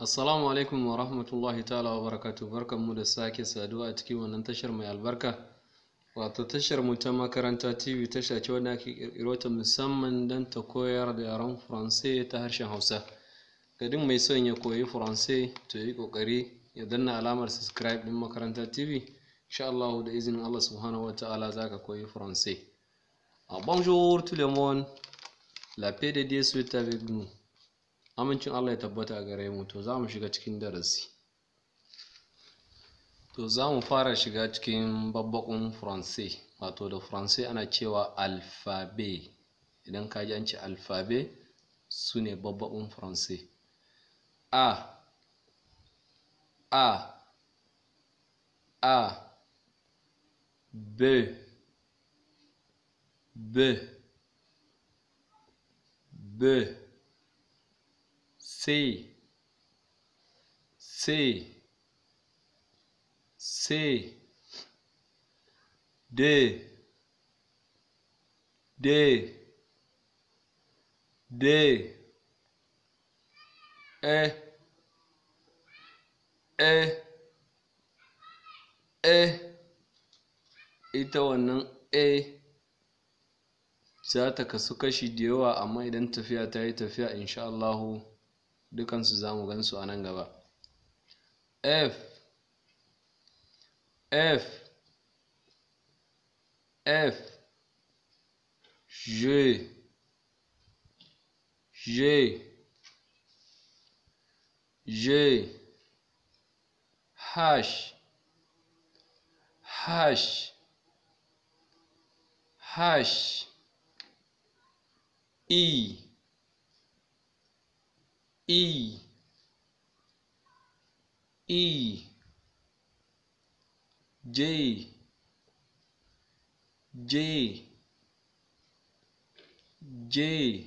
Assalamu alaikum wa rahmatullahi ta'ala wa barakatu barkanmu da sake saduwa a cikin wannan tashar mai albarka wato tashar mu ta makaranta TV tasha ce wadda ake kirkiro ta musamman don ta koyar da yaren Faransai ta harshen Hausa gadin mai son ya koyi Faransai to yi kokari ya danna alamar subscribe din makaranta TV insha Allah da izinin Allah subhanahu wa ta'ala ka koyi Faransai ah, Bonjour tout le monde la paix de Dieu soit avec nous amincin Allah ya tabbata gare mu to za mu shiga cikin darasi to za mu fara shiga cikin babbakun faransai wato da faransai ana cewa alfabe idan ka ji an ce alfabe su ne babbakun faransai a a a b b b C C C D D D E E E ita wannan A za ta kasu kashi da yawa amma idan tafiya ta yi tafiya insha Allahu dukansu za mu gansu a nan gaba f f f j j j hash hash hash e E E J J J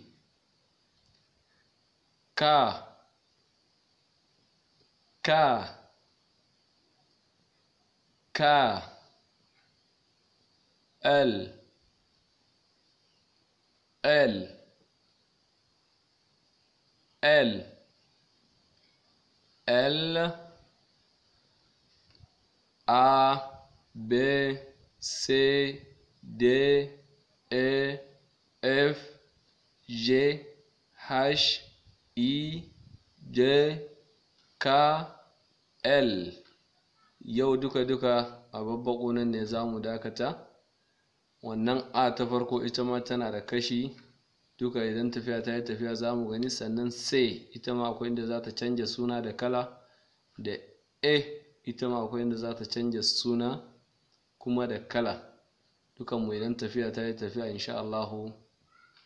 K K K L L L L A B C D E F G H I J K L yau duka-duka a babbaƙo ne za mu dakata wannan a ta farko ita ma tana da kashi duka idan tafiya ta yi tafiya za mu gani sannan sai ita ma akwai inda za ta canja suna da kala da a ita ma akwai inda za ta canja suna kuma da kala dukanmu idan tafiya ta yi tafiya insha Allahu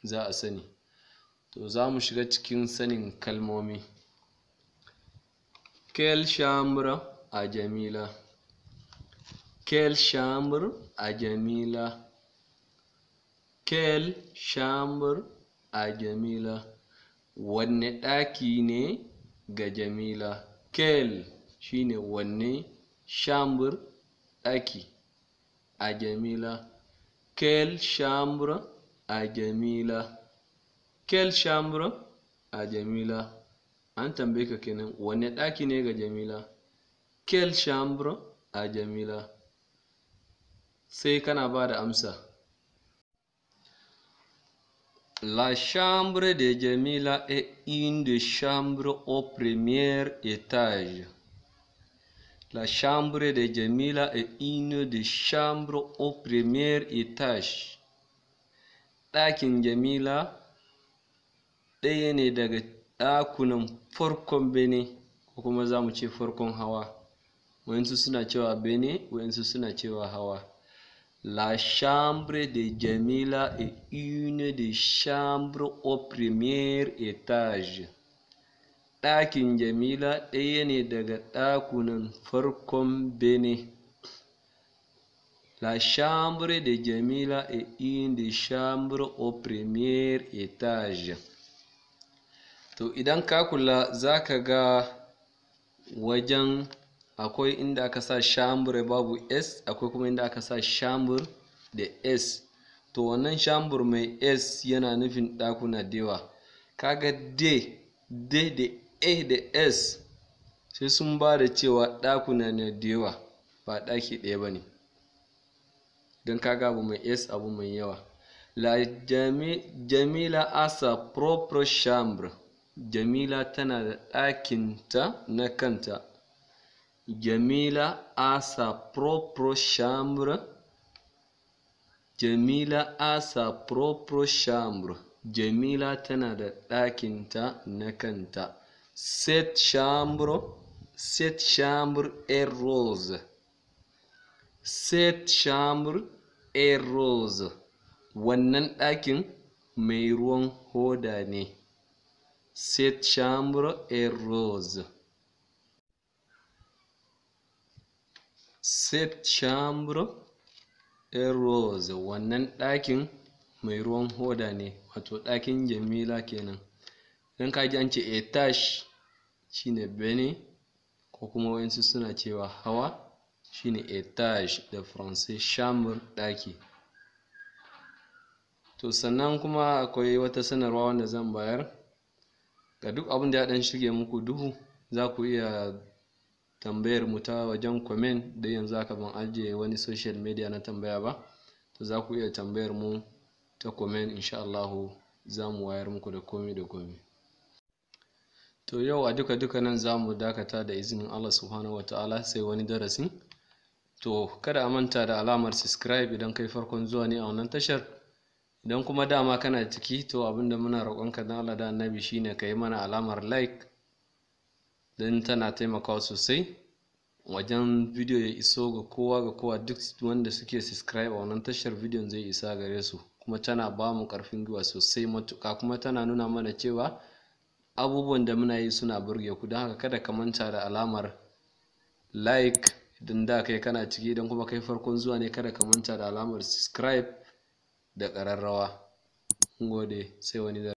za a sani to za mu shiga cikin sanin kalmomi kel shamra a jamila kel shamr a jamila kel shamr a Jamila. Wanne ɗaki ne ga Jamila? Kel shine wanne shambur ɗaki a Jamila. Kel shambur a Jamila. Kel shambur a Jamila. An tambaye ka kenan wanne ɗaki ne ga Jamila? Kel shambur a Jamila. Sai kana ba da amsa. La chambre de Jamila est une des chambres au premier étage. La chambre de Jamila est une des chambres au premier étage. dakin Jamila ɗaya ne daga ɗakunan farkon bene ko kuma za mu ce farkon hawa. Wayansu suna cewa bene, wayansu suna cewa hawa. La chambre de Jamila est une des chambres au premier étage. Ɗakin Jamila ɗaya ne daga ɗakunan farkon bene. La chambre de Jamila est une des chambres au premier étage. To idan ka kula za ka ga wajen akwai inda aka sa shambur babu s akwai kuma inda aka sa shambur da s to wannan shambur mai s yana nufin ɗakuna dewa kaga d d da a da s sai sun ba da cewa ɗakuna ne dewa ba ɗaki ɗaya ba ne don kaga abu mai s abu mai yawa la jamila asa proper chambre jamila tana da ɗakinta na kanta Jamila a sa propre chambre. Jamila a sa propre chambre. Jamila tana da ɗakinta na kanta. Set chambre, Set chambre est rose. Set chambre est rose. Wannan ɗakin mai ruwan hoda ne. Set chambre est rose. sept Chambre et Rose wannan ɗakin mai ruwan hoda ne wato ɗakin Jamila kenan idan kaji an ce etage shine bene ko kuma wayansu suna cewa hawa shine etage da faransai chambre ɗaki to sannan kuma akwai wata sanarwa wanda zan bayar ga duk abinda ya ɗan shige muku duhu za ku iya tambayar mu ta wajen comment da yanzu aka ban ajiye wani social media na tambaya ba to za ku iya tambayar mu ta comment insha Allah za mu wayar muku da komi da komi to yau a duka duka nan za mu dakata da izinin Allah subhanahu wa ta'ala sai wani darasi to kada a manta da alamar subscribe idan kai farkon zuwa ne a wannan tashar idan kuma dama kana ciki to abinda muna roƙonka don Allah da annabi shine ka yi mana alamar like don tana taimakawa sosai wajen bidiyo ya iso ga kowa ga kowa duk wanda suke subscribe a wannan tashar bidiyon zai isa gare su kuma tana ba mu karfin gwiwa sosai matuka kuma tana nuna mana cewa abubuwan da muna yi suna burge ku don haka kada ka manta da alamar like idan da kai kana ciki idan kuma kai farkon zuwa ne kada ka manta da alamar subscribe da ƙararrawa gode sai wani